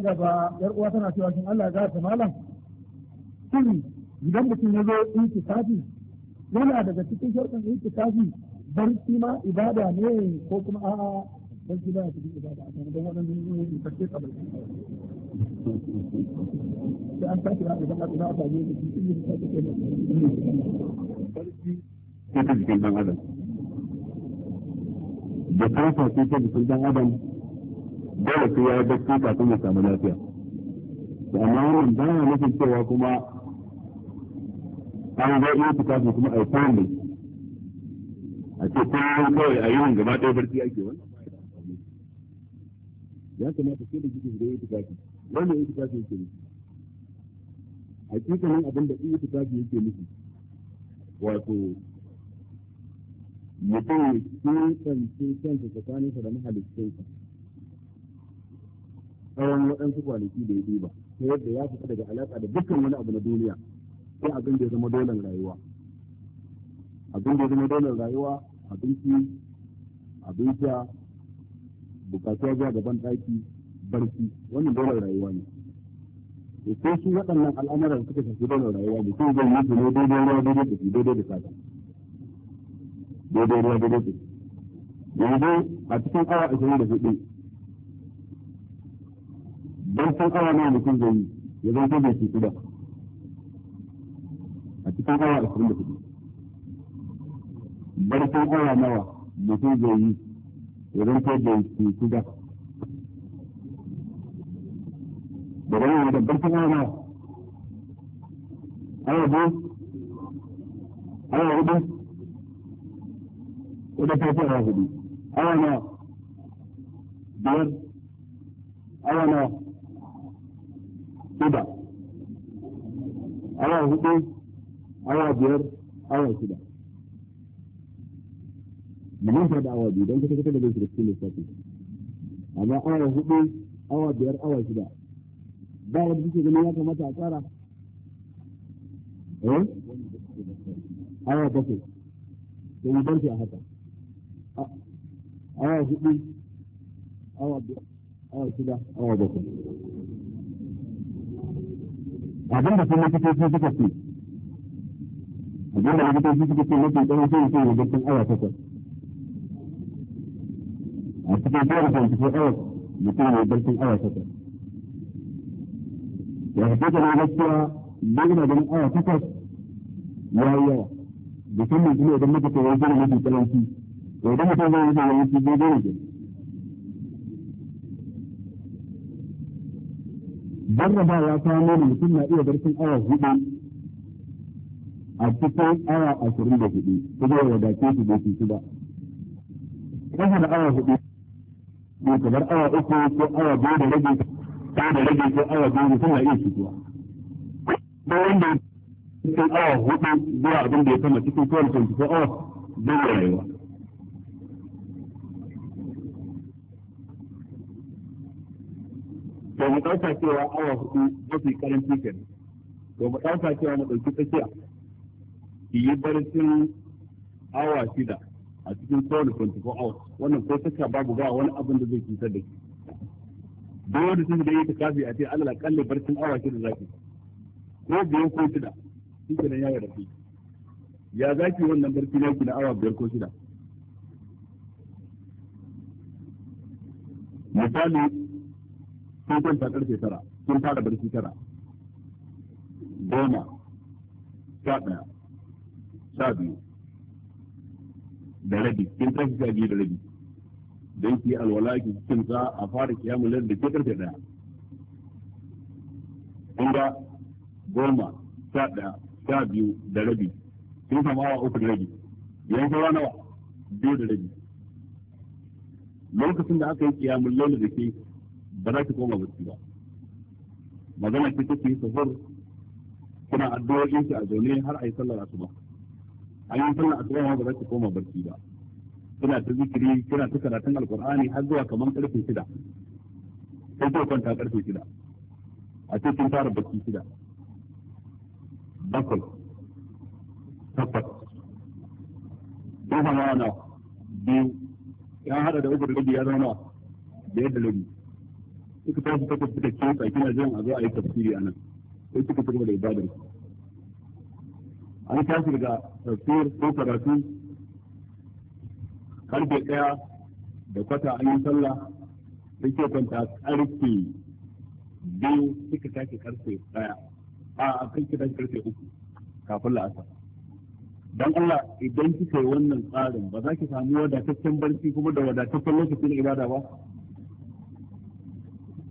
gaba yar uwa tana cewa shin Allah ya ta malam shin idan mutum ya zo itikafi yana daga cikin sharɗin itikafi barci ma ibada ne ko kuma a'a barci ba ya cikin ibada a kan don waɗannan yin yin fashe kabal sai an tashi ba idan aka zaɓa ne da cikin yin fashe kabal barci ta kan jikin ɗan adam da kansa ce ta jikin ɗan adam dole sai ya yi bacci kafin ya samu lafiya amma wannan ba ya nufin cewa kuma an ga iya fita kuma a yi family a ce kullum kawai a yi gaba ɗaya barci ake wannan ya kamata sai da kike da yake Wani wannan yake tafi yake nufi cikin abin da yake tafi yake nufi wato mutum sun kanci kansa sa da mahaliccinsa tsawon waɗansu kwanaki da ya duba ta yadda ya fita daga alaƙa da dukkan wani abu na duniya sai abin da ya zama dolan rayuwa abin da ya zama dolan rayuwa abinci abin sha bukatuwa zuwa gaban ɗaki barci wannan dolan rayuwa ne da sai su waɗannan al'amuran da suka shafi dolan rayuwa mutum zai yi su ne daidai ruwa daidai da su daidai da sata daidai ruwa daidai da su yanzu a cikin awa ashirin da hudu cikin awa na mutum zai yi ya zai zai su kawan, a pun awa 26 barkin kawan nawa mutum zai yi ya zai zai zai su kuda da rayu da barkin awa nawa awa bu awa hudu kuda ta fi awa hudu awa nawa biyar ƙiba awa hudu awa biyar awa shida mulinta da awa biyu don kusa kusa da gaske cikin lissafi amma awa hudu awa biyar awa shida ba wanda kuke ganin ya kamata a tsara eh awa bakwai to mu barci a haka awa hudu awa biyar awa shida awa bakwai abin da kuma likitoci suka ce abin da likitoci suka ce mafi karancin sun yi dukkan awa takwas a cikin kawai kwanci ko awa mutum ne dukkan awa takwas ya fi kana gaskiya duk na ganin awa takwas ya yi yawa musamman kuma idan muka ce wani gina mafi karanci idan mutum zai yi zai yi daidai ne ya samu nuna mutum na iya barcin awa hudu a cikin awa ashirin da hudu kuma ya ke su da su ba kasa da awa hudu ko kamar awa uku ko awa biyu da rage ta da rage ko awa biyu mutum na iya shigowa ko wanda cikin awa hudu zuwa abin da ya kama cikin kowar 24 hours zai rayuwa to mu ɗauka cewa awa hudu mafi karanci kenan to mu ɗauka cewa mu ɗauki tsakiya ki yi barcin awa shida a cikin kowane 24 hours wannan ko saka babu ba wani abin da zai cutar da ke don wani sun da yi ta kafi a ce alal akalle barcin awa shida za ki ko biyu ko shida shi nan ya yi rafi ya ki wannan barci ki na awa biyar ko shida misali sun kwanta karfe tara sun fara barci tara goma sha ɗaya sha biyu da rabi kin tashi sha biyu da rabi don ki alwala ki cikin sa a fara kiyamun da ke karfe ɗaya Kunga ga goma sha ɗaya sha biyu da rabi sun samu awa uku da rabi yan saura nawa biyu da rabi lokacin da aka yi kiyamun lalata da ke ba za ki koma bacci ba magana ce take yi sahur kuna addu'o'in ki a zaune har a yi sallar asuba an yi sallar asuba ma ba za ki koma barci ba kina ta zikiri kina ta karatun alqur'ani har zuwa kamar karfe shida sai ta kwanta karfe shida a ce kin fara barci shida bakwai takwas ko hana biyu ya hada da uku da ya zama da yadda lobi suka tashi ta kasu da kinsa kina jiran a zo a yi tafsiri anan sai suka tafi da ibadar an tashi daga tafsir ko karatu karfe daya da kwata an yi sallah sai ke kwanta karfe biyu suka tashi karfe daya a kai ki tashi karfe uku kafin la'asar dan Allah idan kika yi wannan tsarin ba za ki samu wadataccen barci kuma da wadataccen lokacin ibada ba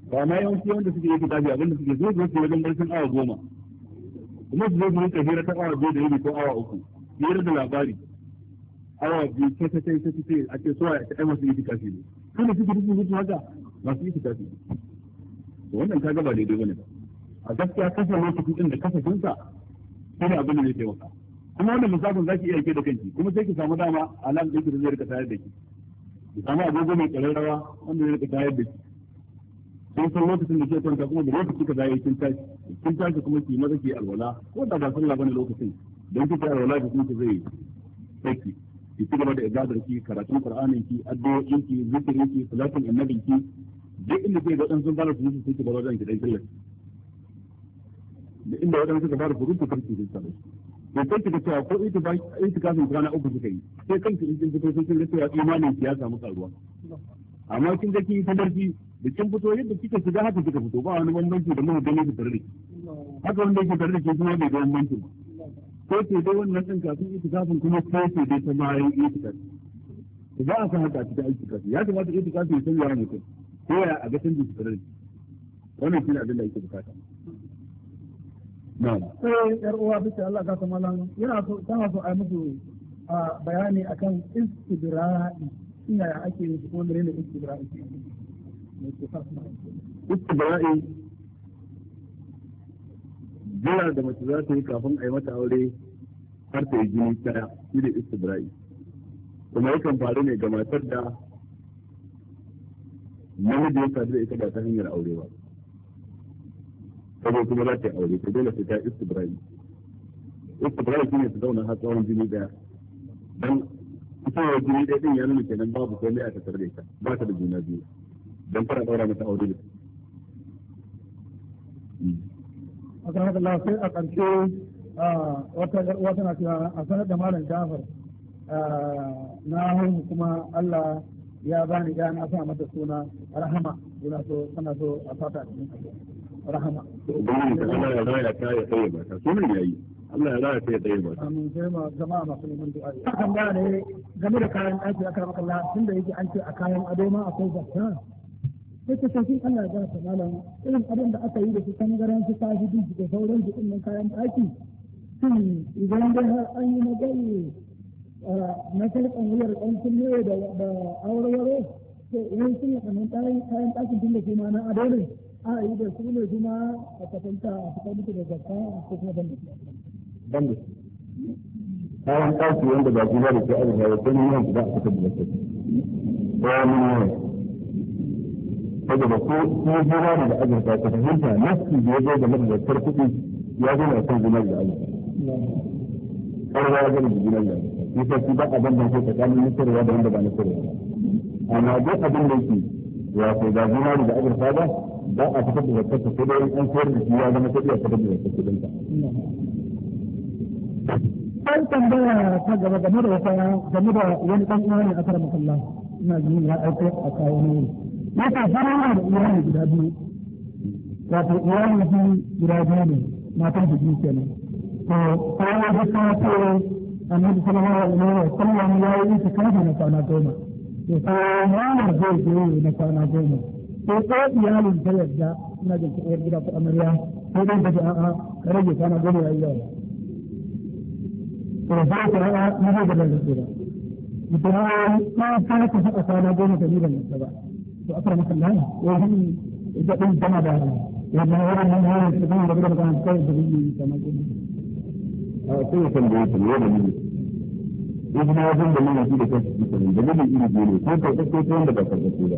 ba ma yawanci wanda suke yake kitabi abinda suke zo zo su wajen barcin awa goma kuma su zo su rinka hira ta awa biyu da yau ko awa uku hira da labari awa biyu ta ta ta ta a ce suwa ta ai masu itikafi ne kuma suke rufin zuci haka masu kafi ne wannan ka gaba daidai bane ba a gaskiya kasa lokacin din da kasafin sa shine abin da zai taimaka kuma wannan misalin zaki iya yake da kanki kuma sai ki samu dama a alam da ki zai rika tayar da ki ki samu agogo mai kararrawa wanda zai rika tayar da ki sun san lokacin da ke kwanta kuma da lokacin ka zai kin tashi kin tashi kuma ki maza ki alwala ko da ba sallah bane lokacin dan kika alwala ki kuma zai saki ki ci gaba da ibadar ki karatun qur'anin ki addu'o'in ki zikirin ki salatin annabin ki duk inda sun fara surutu sai ki bar wajen ki dan sallah da inda wadan suka fara surutu kan ki dan sallah to sai kika ko ita ba ita kafin kana uku kika yi sai kanki in kin fito sai kin imanin ki ya samu karuwa amma kin da kin yi da kin fito yadda kika shiga haka kika fito ba wani bambanci da mu gani tare da ki haka wanda yake tare da ke kuma bai da bambanci ba ko ce dai wannan din kafin itikafin kuma ko ce dai ta bayan itikafi za a san haka a cikin itikafi ya kamata itikafi ya sanya ne kai ko ya a ga canji tare da ki wannan shine abin da yake bukata sai yar uwa ta Allah ka malam yana so tana so a musu bayani akan istibra'i ina ake yin ko ne istibra'i istibra'i jira da mace za ta yi kafin a yi mata aure har ta yi jini kaya shi da istibra'i kuma yakan faru ne ga matar da namiji ya sadu da ita ba ta hanyar aure ba Sabo kuma za ta yi aure ta dole sai ta istibra'i istibra'i shi ne ta zauna har tsawon jini daya dan fitowar jini daya din ya nuna kenan babu komai a tattare da ita ba ta da juna biyu don fara daura mata aure ne a da haka sai a ƙarshe wata na cewa a sanar da malam jafar na haihu kuma allah ya bani ya na sa mata suna rahama yana so tana so a fata cikin rahama ubangiji ta Allah ya raya ta ya tsaye ba ta sunan ya yi Allah ya raya ta ya tsaye ba ta amin sai ma jama'a masu neman du'a kan da ne game da kayan aiki a karamar Allah da yake an ce a kayan ado ma akwai zakka sai ta shafi Allah ya ta malam irin abin da aka yi da su tangaran su tashi duk da sauran su ɗin kayan ɗaki shin hmm, idan dai har an yi magani na sarƙan wuyar ɗan kulle da aurewaro to idan sun yi kaman kayan ɗakin tun da ma na ado ne a yi da su ne kuma a kafanta a fitar mutu da a cikin kuma ban da kayan ɗaki wanda ba su ba da su arziki ba ko ne da ba a fitar da zakka ko ne saboda ko ko gona ne da azurfa ta fahimta nasi da ya zo da mahalartar kuɗi ya zo na kan gunar da azurfa ƙarwa ya gani da gunar da azurfa sai ba a bambance tsakanin nasarwa da wanda ba nasarwa amma duk abin da yake wato ba zinari da azurfa ba ba a fitar da zakar ta sai an sayar da shi ya zama kuɗi a fitar da zakar kuɗin ta. An tambaya ta gaba game da wata game da wani ɗan uwa ne a karamar Allah. Ina jin ya aiko a kawo ne. ba a fara da iyali guda biyu wato iyali biyu guda biyu ne matan su biyu kenan to kwana ta kawo cewa annabi sallallahu alaihi wa wani ya yi ta kafa na kwana goma to kwana zai je na kwana goma ko ko iyalin ta yarda ina da ta yar gida ko amarya ko dan ta a'a ka rage kwana goma ya yi yawa to ba ta a'a na zai da da ita ma ta kafa kwana goma da ni ban ba أكرمك الله وهم يقولون كما بعد لما يرى من هذا يستطيعون بقدر أن يستطيع بقدر كما يقولون كيف البيت اليوم ابن أظن بالله في لك من جميل إلى جميل كيف تكتب وين لك تكتب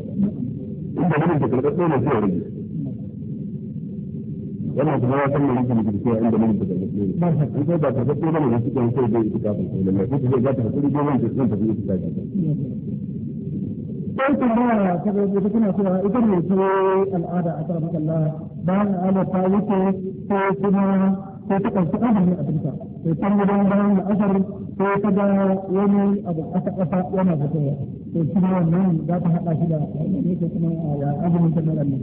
إنت من تكتب وين لك تكتب wannan kuma ya san mai kuma kirkiya inda mun da gaske ba ta ko ba ta gaske ba ne shi kan sai da ita ka لما da mai kuma zai ga ta hakuri ba wanda zan tafi ita ka sai tambaya ta gobe ta kuna cewa ita ne ce al'ada a karamar Allah bayan al'ada ta wuce ko kuma ko ta ɗauki azumi a duka sai ta gudan bayan da asar ko ta ga wani abu aka kafa yana da tsaye to shi wannan za ta haɗa shi da ne ko kuma ya azumin ta mara ne.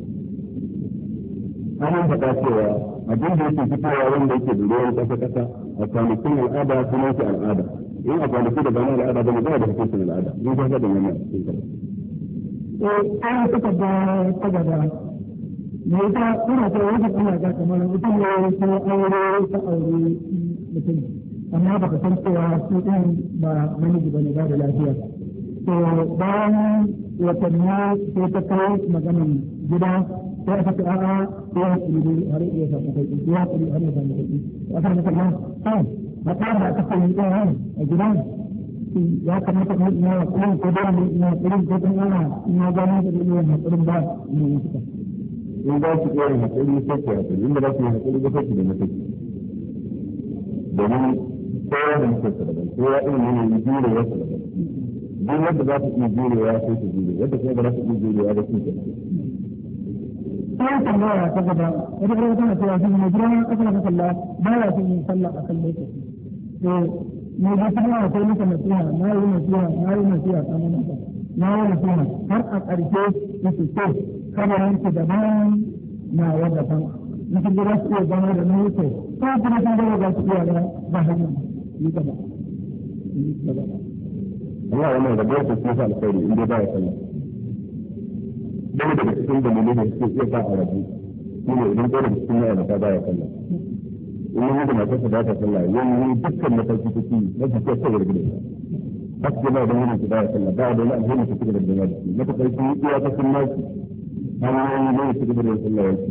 Ana faɗa cewa abin da yake fitowa wanda yake da ruwan kasa ƙasa a kwanakin al'ada kuma yake al'ada. In a kwanaki da ba na al'ada ba ne ba da hukuncin al'ada. Mun ga da wannan cikin an suka da tagada da ita ina ta wata kuma ga kamar mutum ya yi ta aure ta aure mutum amma ba ka san cewa su ɗin ba namiji ba ne ba da lafiya to bayan watanni sai ta kawo maganin gida sai aka ce a'a ko ya kuri dai har iya samu kai ko ya kuri har iya samu kai a kan mutum ba ta da aka kai a gidan aiki ya kamata na ina kan ko da mu ina irin ko kuma ina ina gano da ina na irin ba ina ne in ba ki iya hakuri sai ki hakuri in ba za ki iya hakuri ba sai ki da mutum domin kowa da mutum sa daban kowa irin yanayi jure ya sa daban duk wanda za su iya jurewa sai su jure wanda kuma ba za su iya jurewa ba sai su sai tambaya ta gaba wata ƙarfi tana cewa shi ne gidan ƙasar masalla ba ya son yin sallah a kan lokaci to ne ba ta hana kai maka nasiha na yi nasiha na yi nasiha ta mana na yi nasiha har a ƙarshe yake so kabarin ki da bayan na wanda ban mutum su iya zama da nan yake ko kuma sun gaba ba su iya da ba hanyar yi gaba Allah wannan da bai su sa alkhairi inda ba ya sallah dole daga cikin dalilai da suke iya sa a rabu shine idan dole da cikin yana da ba ya sallah in haka matarsa ba ta sallah yanzu dukkan mafarki take na tafiya saboda gidansa ba su ba da wani su ba ya sallah ba da wani alheri su cigaba da zama da shi na tafiya sun yi iya ta sun maki har wani zai su cigaba da sallah ya ci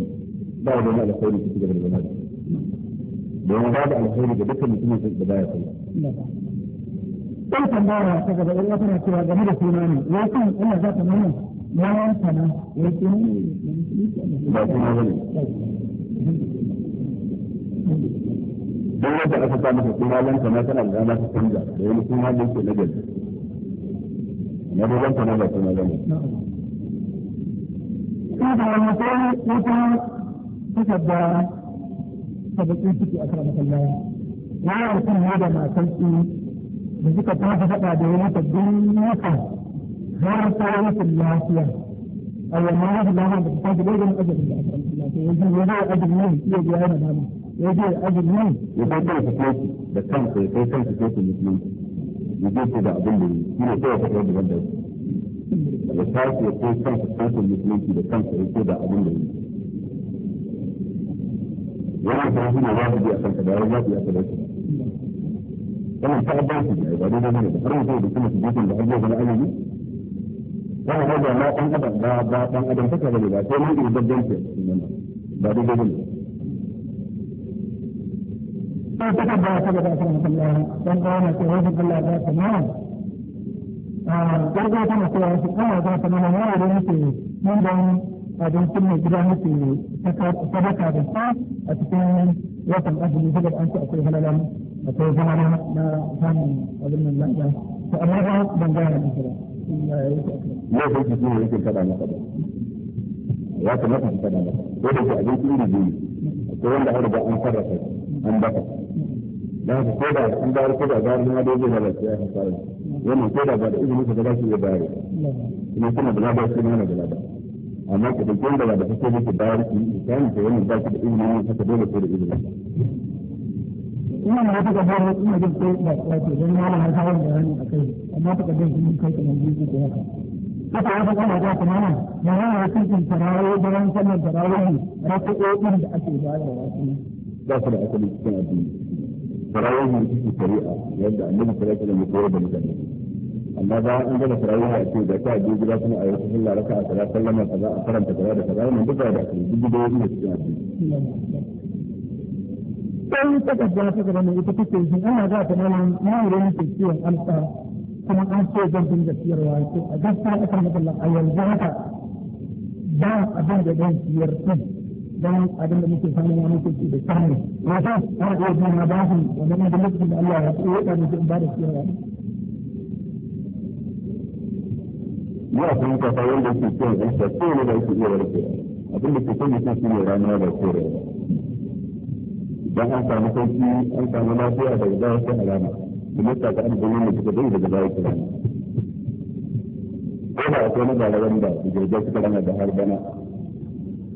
ba da wani alheri su cigaba da zama da shi domin ba da alheri da dukkan mutumin da ba ya sallah. Ɗan tambaya ta gaba ɗan wata cewa game da suna ne, ya san Allah za ta nuna ya yanka na ya ce ne ba suna ba ne. don wanda aka sa masa kuma ran kana tana da dama ta canza da wani suna da yake lagos na dogon da ba suna bane ko da wani sai wata takarda ta bakin ciki a kan masallaci ya yi kan da matansu da suka fata faɗa da wani sabbin mata har ta rufin lafiya a wannan rufin lafiya da ta fata da wajen ajiyar da aka rufin lafiya ya zai ajiyar da iya biya yana ya je azumi ya kai kai ta kai da kansa ya kai kansa kai musulunci ya je da abin da yi shi ne kai ta kai da wanda ya ya kai kansa kai musulunci da kansa ya kai da abin da yi wannan kuma shi ne za su je a kanka da ya za su yi a kanka wannan ta ba su ne ba dai ne da har mutum da kuma su jikin da abubuwa na azumi wannan ba ma dan adam ba dan adam take bane ba sai mun yi babban ce ba dai ne sai ta kan bawa saboda akan masallaci dan kawo na cewa wajen Allah za ta nawa dan kawo tana cewa su kawo nawa yawa da nake mun dan gida nake sadaka da a cikin watan azumi saboda an ce akwai halalan akwai zama na samun abin nan lafiya to da ya kamata ko da abin biyu wanda har da an sarrafa an baka da haka ko da an bayar ko da bayar kuma dai zai halarci ya fara wannan ko da ba da izinin ka ba shi zai bayar kuma kuma da labar shi mana da labar amma ka dauki da da kake miki bayar ki kan ta wannan ba ki da izinin ne haka dole ko da izinin ina ma ta gaba ina da ko da wato dan malam har hawan da rani akai amma ta gaba ne kai kuma ji ko haka haka ya faɗa da kuma nan ya yana cikin tarawo da ran sallar tarawo ne rafi'o'in da ake bayarwa ba su da asali cikin addini farawon ne cikin shari'a yadda annabi sallallahu alaihi wasallam da mutane amma ba an gama farawon a ce da ta biyu gida kuma a yau sallah raka a kaza sallama kaza a karanta kaza da kaza duka da su duk gidoyin da cikin addini sai ta gaba ta gaba mai ita take jin ana za ta malam na yi ranar ciwon alfa kuma an ce zan dinga siyarwa a gaskiya akan mutum a yanzu haka ba abin da zan siyar din bayan abin da muke fama na muke ci da samu mata ana iya ji na ba su da lokacin da Allah ya ko da ba da su ya san ka fa wanda ke son in ko ne da yake iya warke abin da ke son ya ce ne rana da kore dan an samu sauki an samu lafiya da da wasu alama kuma ta ga alƙalin da suka dai daga baya kira ko da akwai na galaban da jirgin suka rana da har bana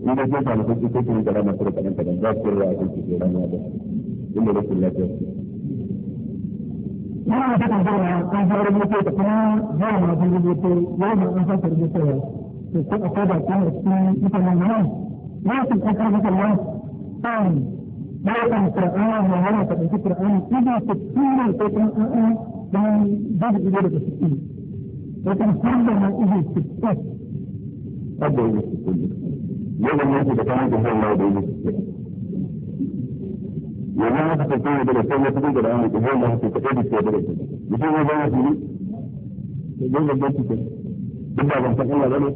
in da kuma kwanakon su kai kuma kwanakon su kwanakon kwanakon za su yi wa su ke rana ba in da rashin lafiya su. Yana da kan zama an zama da mutu da kuma zama da mutu da mutu ya yi an san karbi tsaye to ko a koda kuma su yi ita nan nan ya su kan karbi tsaye kan ba ya kan kira an yana yana ta ɗauki kira an yi ba su tunan ko kuma an an dan ba su ido daga su ɗi. Wata musamman na ihu su ɗi. Abubuwan su ɗi. yawan yanki da kayan kusa Allah da yake yanzu haka ta kai da sai wasu daga da ana kusa Allah ta kai da sai da shi mutum ya zama shi don da gaske duk da ban san Allah bane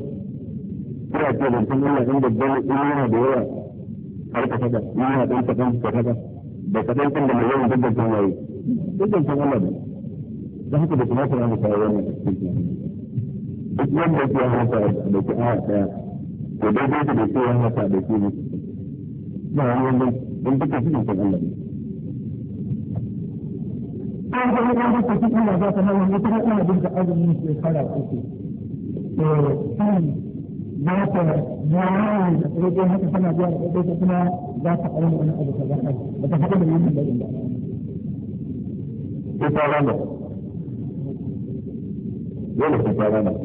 kira ce ban san Allah inda dan yana da yawa har ka fada yana dan ka ka fada da ka kan da mai yawan dabbar kan yayi duk da san Allah bane da haka da kuma kana mu kawo wannan duk wanda ke hawa da ke a daya ko daidai da da ke wani wata da ke ne ba wani wanda in duka shi ne ta Allah ne an ga wani wanda ke cikin da za ta hawa ne kuma ina bin da azumin shekara uku to shi za ta yawon rage haka tana zuwa da ɗaiɗai kuma za ta aure wani abu kaza ba ta haɗa da wannan ba. Ko ta rana. Dole ta rana.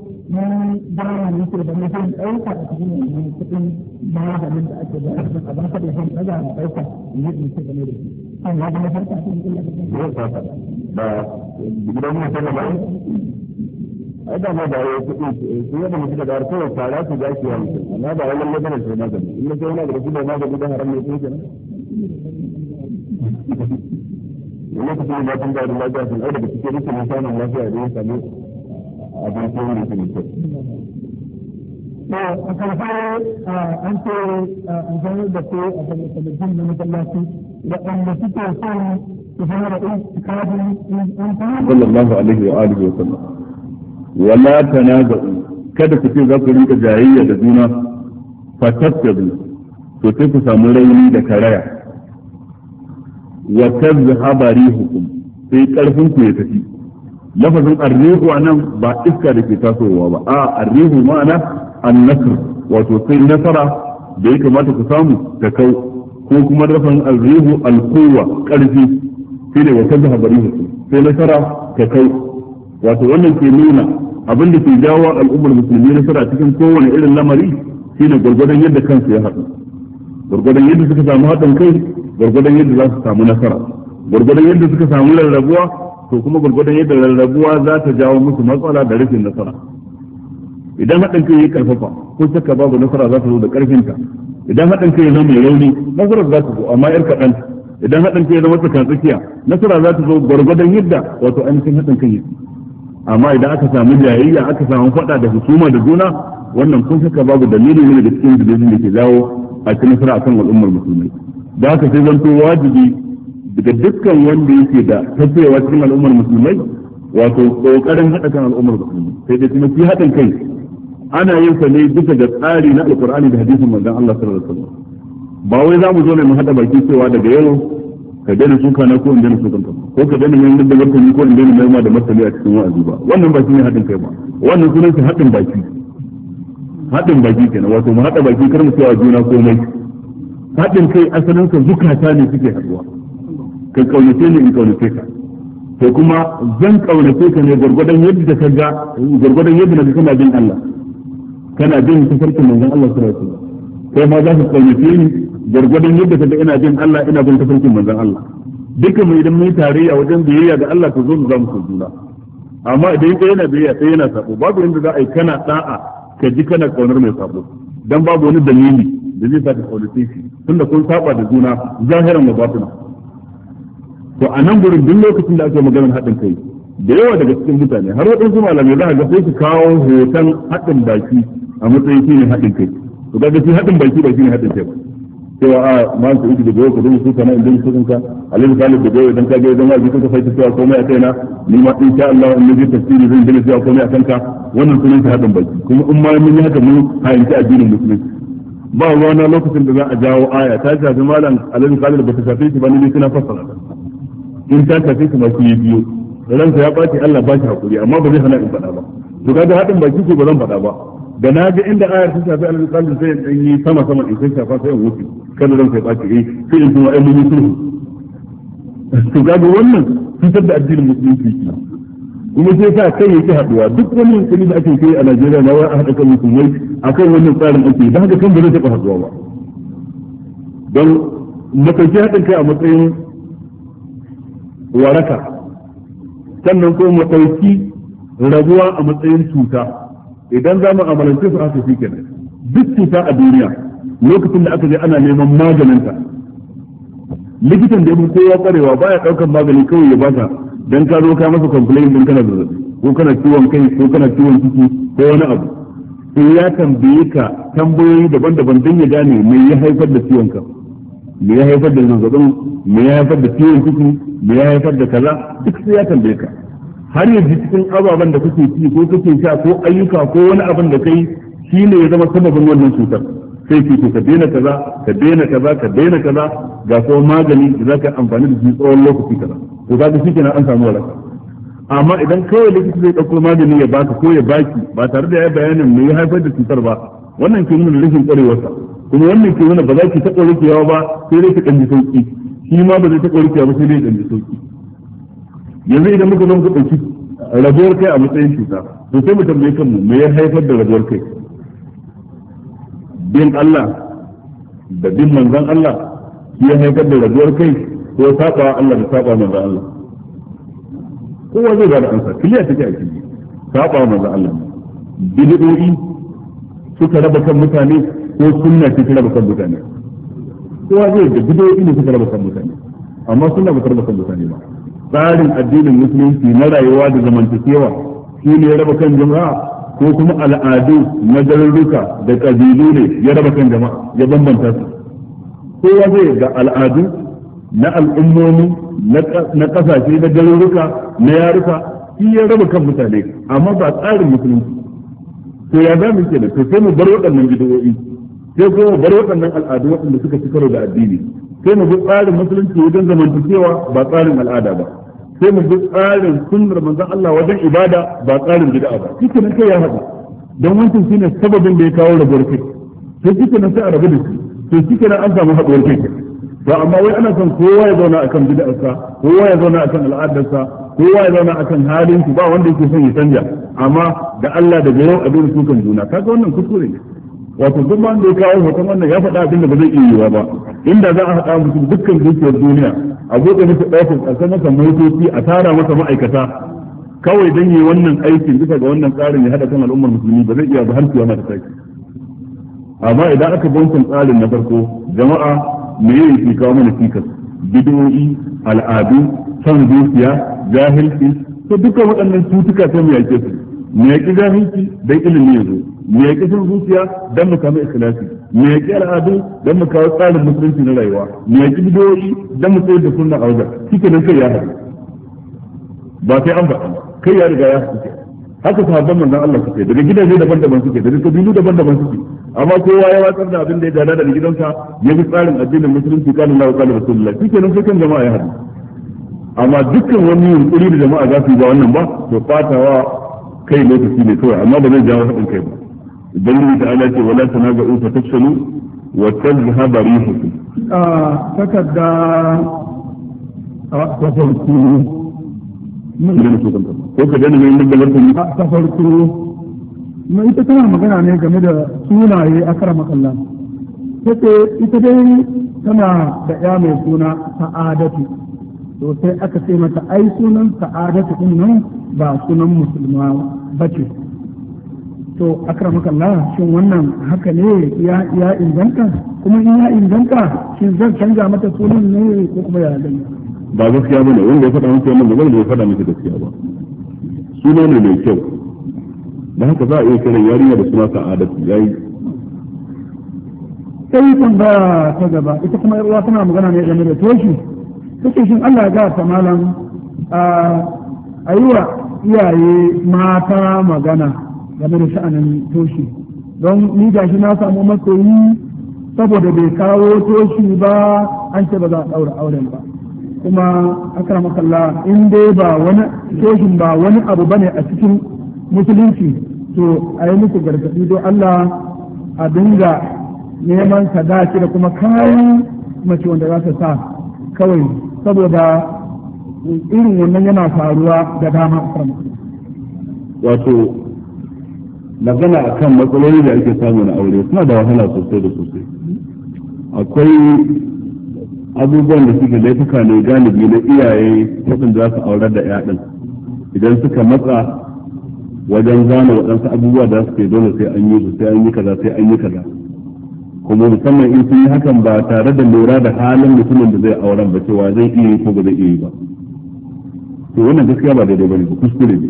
na bayan yake da mutum ɗauka a cikin yanzu kuɗin maganin da ake da ake a baka da ɗaga na ɗauka yi da ke game da shi. An ya zama farka cikin illa da kuma. da farka ba gidan mu sana ba. Ai da ma ba yau kuɗi su eh, yadda mutu da gawar kawai fara su za su yi Amma ba wani lalle bane su magani. In sai wani da da magani da haram ne ko kenan. Wani kusa da mutum da lafiya sun ɗaya daga cikin rikin mutanen lafiya da ya samu abin samun su ne kyau. a karfe an ce an zama da ko a talabijin na masallaci waɗanda suke son su zama da itikadin an fara. sallallahu alaihi wa alihi wa sallam. wala tanaza'u kada ku ce za ku rinka jayayya da juna fatattabu to sai ku samu rauni da karaya wa tazhaba rihukum sai karfin ku ya tafi lafazin arrihu nan ba iska da ke tasowa ba a arrihu ma'ana annasr wato sai nasara da ya kamata ku samu ta kau ko kuma rafin arrihu alquwa karfi shine wa kadha barihu sai nasara ta kau wato wannan ke nuna abin da ke jawo al'ummar musulmi nasara cikin kowane irin lamari shine gwargwadon yadda kansu ya haɗu gwargwadon yadda suka samu haɗin kai gwargwadon yadda za su samu nasara gwargwadon yadda suka samu rarrabuwa to kuma gurgurdan yadda rarrabuwa za ta jawo musu matsala da rufin nasara idan haɗin kai ya karfafa ko shakka babu nasara za ta zo da karfinta idan haɗin kai ya zama mai rauni nasara za ta zo amma yar kaɗan idan haɗin kai ya zama tsakan tsakiya nasara za ta zo gwargwadon yadda wato ainihin haɗin kai yake amma idan aka samu jayayya aka samu faɗa da hukuma da juna wannan kun shakka babu dalilin ne da cikin dalilin da ke jawo a cikin nasara akan al'ummar musulmai da haka sai zanto wajibi daga dukkan wanda yake da tafiyawa cikin al'ummar musulmai wato kokarin hada kan al'ummar musulmai sai dai kuma shi hadin kai ana yin sa ne bisa ga tsari na alqur'ani da hadisin manzon Allah sallallahu alaihi wasallam ba wai za mu zo ne mu hada baki cewa daga yau ka daina suka na ko in daina suka ka ko ka daina yin da martani ko in daina maima da martani a cikin wa'azi ba wannan ba shi ne hadin kai ba wannan sunan shi hadin baki hadin baki kenan wato mu hada baki kar mu cewa juna komai hadin kai asalin sa zukata ne suke haduwa ka kaunace ni in kaunace ka to kuma zan kaunace ka ne gwargwadon yadda ka ga gwargwadon yadda na kana bin Allah kana bin tafarkin manzon Allah sallallahu alaihi wasallam kai ma za ka kaunace ni gwargwadon yadda ka ga ina bin Allah ina bin tafarkin manzon Allah dukkan mu idan mun tarayya wajen biyayya ga Allah to zo mu zamu juna amma idan kai yana biyayya sai yana sabo babu inda za a yi kana da'a ka ji kana kaunar mai sabo dan babu wani dalili da zai sa ka kaunace shi tunda kun saba da juna zahiran wa batina to a nan gurin duk lokacin da ake maganar haɗin kai da yawa daga cikin mutane har waɗansu malamai za a ga sai su kawo hoton haɗin baki a matsayin shi ne haɗin kai to kaga shi haɗin baki ba shi ne haɗin kai ba cewa a ah, ma su uku daga yau ka zama su kana inda su kanka alaihi salatu daga yau idan ka ga idan ma ka sai ta cewa komai a kaina ni ma in sha Allah in ji tasiri zan dinga cewa komai a ka wannan sunan shi haɗin baki kuma in ma mun yi haka mun hayanci addinin musulunci ba ruwana lokacin da za a jawo aya ta shafi malam alaihi salatu ba ta shafi shi ba ni suna fassara in ta tafi kuma ku yi biyu ranka ya baci Allah ba shi hakuri amma ba zai hana in faɗa ba to kaga haɗin baki ko ba zan faɗa ba da na ga inda ayar ta shafi alal qalbi sai in yi sama sama in sai shafa sai in wuce kada ranka ya baci eh sai in kuma ai mun yi sulhu to kaga wannan fitar da addinin musulunci ke kuma sai sa kai yake haduwa duk wani yankari da ake kai a Najeriya na wai a haɗa kan musulmai a akan wannan tsarin ake da haka kan ba zai taɓa haduwa ba don mataki haɗin kai a matsayin waraka sannan ko mu ɗauki rabuwa a matsayin cuta idan za mu amalance su haka shi kenan duk cuta a duniya lokacin da aka je ana neman maganinta likitan da ya kowa kwarewa baya ɗaukan magani kawai ya bata dan ka zo ka masa complain din kana zazzabi ko kana ciwon kai ko kana ciwon ciki ko wani abu sai ya tambaye ka tambayoyi daban-daban don ya gane mai ya haifar da ciwon ka me ya haifar da zanzabin me ya haifar da ciwon kuku me ya haifar da kaza duk sai ya tambaye ka har yanzu cikin ababen da kake ci ko kake sha ko ayyuka ko wani abin da kai shi ne ya zama sababin wannan cutar sai ki ka daina kaza ka daina kaza ka daina kaza ga ko magani da zaka amfani da shi tsawon lokaci kaza ko zaka shikenan an samu waraka amma idan kawai likita zai dauko magani ya baka ko ya baki ba tare da ya bayanin me ya haifar da cutar ba wannan ke nuna rashin kwarewarsa kuma wannan ke nuna ba za ki taɓa ƙorafiyawa ba sai dai ki ɗanji sauƙi shi ma ba zai taɓa ƙorafiya ba sai dai ɗanji sauƙi yanzu idan muka zama muka ɗauki rabuwar kai a matsayin cuta to sai mu tambaye kanmu me ya haifar da rabuwar kai bin Allah da bin manzon Allah ya haifar da rabuwar kai ko saba Allah da saba manzon Allah kowa zai ba ansa kiliya take a cikin saba manzon Allah bid'o'i suka raba kan mutane ko sunna ce ta raba kan mutane kowa zai da bidiyoyi ne suka raba kan mutane amma sunna ba ta raba kan mutane ba tsarin addinin musulunci na rayuwa da zamantakewa shi ne ya raba kan jama'a ko kuma al'adu na garuruka da ƙabilu ne ya raba kan jama'a ya bambanta su kowa zai da al'adu na al'ummomi na ƙasashe na garuruka na yaruka shi ya raba kan mutane amma ba tsarin musulunci to ya za mu ke da to sai mu bar waɗannan bidiyoyi sai kuma bari waɗannan al'adu waɗanda suka ci karo da addini sai mu bi tsarin musulunci wajen zamantakewa ba tsarin al'ada ba sai mu bi tsarin sunnar manzon Allah wajen ibada ba tsarin bid'a ba kike nan sai ya haɗu don wancan shine sababin da ya kawo rabuwar kai sai kike nan sai a rabu da shi to kike nan an samu haɗuwar kai ba amma wai ana son kowa ya zauna akan bid'arsa kowa ya zauna akan al'adarsa kowa ya zauna akan halin ba wanda yake son ya canja amma da Allah da gero abin su kan juna kaga wannan kuskure ne wato duk wanda ya kawo hoton wannan ya faɗa abin da ba zai iya yiwa ba inda za a haɗa mutu dukkan dukiyar duniya a buɗe masa ɗakin a san masa motoci a tara masa ma'aikata kawai don yi wannan aikin bisa ga wannan tsarin ya haɗa kan al'ummar musulmi ba zai iya ba har yana da sake amma idan aka bi tsarin na farko jama'a me yayi ke kawo mana cikas bidiyoyi al'adu san zuciya jahilci to dukkan waɗannan cutuka sai mu yake su mu yaki jahilci dan ilimi ya zo mu yaƙi sun zuciya don mu kama ikhlasi mu yaƙi al'adu don mu kawo tsarin musulunci na rayuwa mu yaƙi bidiyoyi don mu sai da sunna a wajen kike nan kai ya haɗu ba sai an faɗa kai ya riga ya haɗu haka sahabban manzon Allah suke daga gidaje daban-daban suke daga kabilu daban-daban suke amma kowa ya watsar da abin da ya dana daga gidansa ya bi tsarin addinin musulunci kana Allah kana Rasulullah kike nan sai kan jama'a ya haɗu amma dukkan wani yunkuri da jama'a za su yi ba wannan ba to fatawa kai lokaci ne kawai amma ba zai jawo haɗin kai ba ubangiji da ala ce wala tanaza'u fa tafsalu wa tazhaba rihukum ah takadda wa tafsilu ko ka dana mai da barkan ta farko mai ita tana magana ne game da sunaye a kara makalla take ita dai tana da ya mai suna sa'adatu to sai aka ce mata ai sunan sa'adatu din nan ba sunan musulma bace to Allah shin wannan haka ne ya ya inganta kuma in ya inganta shin zan canza mata sunan ne ko kuma ya gani ba gaskiya bane wanda ya faɗa miki wannan ne ya faɗa miki gaskiya ba suna ne mai kyau da haka za a iya kiran yarinya da suna sa'adatu yayi sai tambaya ta gaba ita kuma ruwa tana magana ne game da toshi take shin Allah ya ga ta malam a ayuwa iyaye mata magana game da sha'anin toshi don ni da shi na samu masoyi saboda bai kawo toshi ba an ce ba za a ɗaura auren ba kuma akramakallah in dai ba wani toshin ba wani abu bane a cikin musulunci to a yi muku gargaɗi don Allah a dinga neman sadaki da kuma kayan mace wanda za ta sa kawai saboda irin wannan yana faruwa da dama a wato magana kan matsaloli da ake samu na aure suna da wahala sosai da sosai akwai abubuwan da suke laifuka ne galibi na iyaye waɗanda za su aurar da yaɗin idan suka matsa wajen zama waɗansu abubuwa da su ke dole sai an yi su sai an yi kaza sai an yi kaza kuma musamman in sun yi hakan ba tare da lura da halin mutumin da zai auren ba cewa zai iya yi ko ba zai iya yi ba to wannan gaskiya ba daidai ba ne ba kuskure ne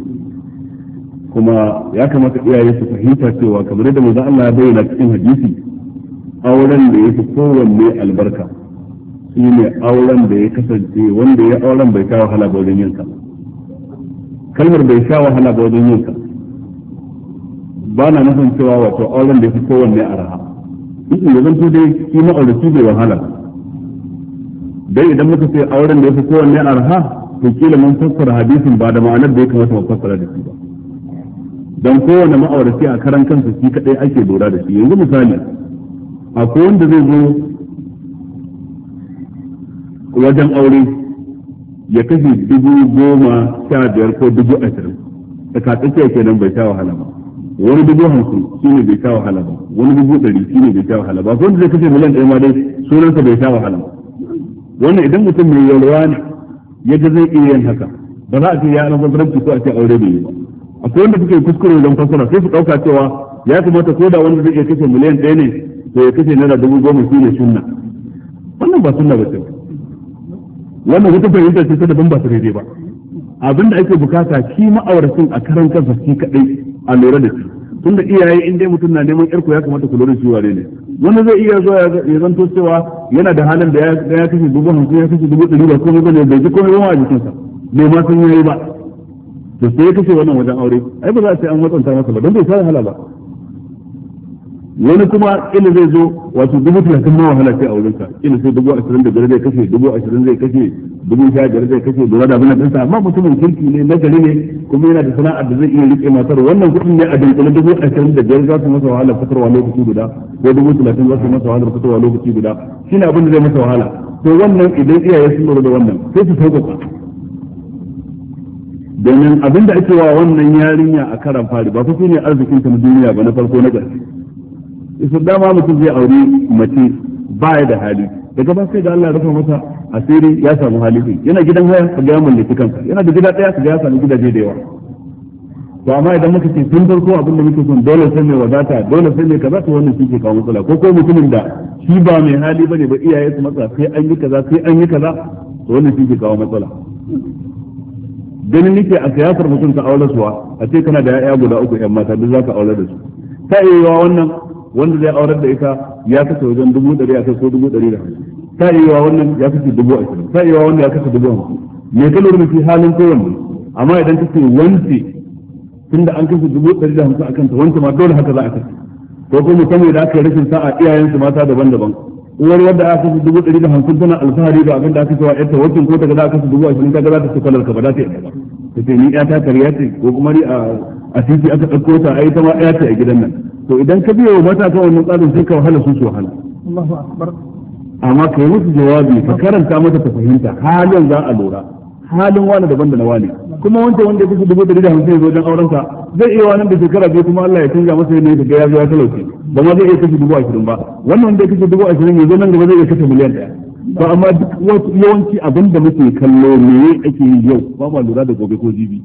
kuma ya kamata iyaye su fahimta cewa kamar yadda manzo Allah ya bayyana cikin hadisi auren da yafi kowanne albarka shi ne auren da ya kasance wanda ya auren bai sha wahala ba wajen yinsa kalmar bai sha wahala ba wajen yinsa ba na nufin cewa wato auren da ya fi kowanne a raha in da zan dai shi ma'aurati bai wahala dai idan muka ce auren da ya fi kowanne a raha to kila mun fassara hadisin ba da ma'anar da ya kamata mu fassara da shi ba don kowane ma'aurati a karan kansa shi kadai ake lura da shi yanzu misali akwai wanda zai zo wajen aure ya kashe dubu goma sha biyar ko dubu ashirin daga tsakiya kenan bai sha wahala ba wani dubu hamsin shi ne bai sha wahala ba wani dubu ɗari shi ne bai sha wahala ba wanda zai kashe miliyan ɗaya ma dai sunansa bai sha wahala ba wannan idan mutum mai yalwa ne yadda zai iya yin haka ba za a ce ya alamun ko a ce aure bai yi ba akwai wanda suke kuskure don fassara sai su ɗauka cewa ya kamata ko da wanda zai iya kashe miliyan ɗaya ne to ya kashe naira dubu goma shi ne sunna wannan ba sunna ba ce wannan wata fahimtar ce ta daban ba ta daidai ba abin da ake bukata shi ma'auracin a karan kansa shi kaɗai a lura da shi Tun da iyaye in dai mutum na neman yarko ya kamata ku lura shi wane ne wani zai iya zuwa ya zanto cewa yana da halin da ya kashe dubu hamsin ya kashe dubu ɗari ba komai ba ne bai ji komai ba a jikinsa bai ma san yayi ba to sai ya kashe wannan wajen aure ai ba za a ce an matsanta masa ba don bai fara hala wani kuma ina zai zo wato dubu talatin ma wahala sai a sa ina sai dubu ashirin da biyar zai kashe dubu ashirin zai kashe dubu sha biyar zai kashe dora da abin ɗinsa amma mutumin kirki ne na gari ne kuma yana da sana'ar da zai iya rike matar wannan kuɗin ne a dunkule dubu ashirin da biyar za su masa wahala fitarwa lokaci guda ko dubu talatin za su masa wahala fitarwa lokaci guda shine abin da zai masa wahala to wannan idan iyaye sun lura da wannan sai su sauƙaƙa domin abin da ake wa wannan yarinya a karan fari ba su ne arzikin ta na duniya ba na farko na ƙarshe isa dama mutum zai aure mace ba da hali daga ba sai da Allah ya rufa masa asiri ya samu hali yana gidan haya ka ga mallaki kansa yana da gida daya ka ga ya samu gidaje da yawa to amma idan muka ce tun farko abin da muke son dole sai mai wadata dole sai mai kaza to wannan shi kawo matsala ko ko mutumin da shi ba mai hali bane ba iyaye su matsa sai an yi kaza sai an yi kaza to wannan shi kawo matsala ganin nike a siyasar mutum ka aure suwa a ce kana da ya'ya guda uku yan mata duk za ka aure da su ta iya wannan wanda zai aurar da ita ya kashe wajen dubu ɗari a ko dubu ɗari da ta iya wannan ya kashe dubu ashirin ta iya wannan ya kashe dubu hamsin me ka lura fi halin kowanne amma idan ka ce wance tunda an kashe dubu ɗari da hamsin a kanta wance ma dole haka za a kashe ko kuma musamman da aka yi rashin sa'a iyayensu mata daban-daban uwar wadda aka kashe dubu ɗari da hamsin tana alfahari da abin da aka cewa yadda wancan ko daga za a kashe dubu ashirin kaga ta ci kwalar ka ba za ta yi ba ta ce ni ta karya ce ko kuma ni a titi aka ɗauko ta ai ta ma ɗaya ce a gidan nan to idan ka biya wa mata matasa wannan tsarin sai ka wahala su su wahala amma kai musu jawabi ka karanta mata ta fahimta halin za a lura halin wani daban da na wani kuma wancan wanda ya kusa dubu ɗari da hamsin yanzu wajen aurensa zai iya wani da shekara biyu kuma Allah ya canza masa yanayi ga ya biya talauci ba ma zai iya kashe dubu ashirin ba wannan wanda ya kashe dubu ashirin yanzu nan gaba zai iya kashe miliyan ɗaya ba amma duk yawanci abin da muke kallo me ake yi yau ba ma lura da gobe ko jibi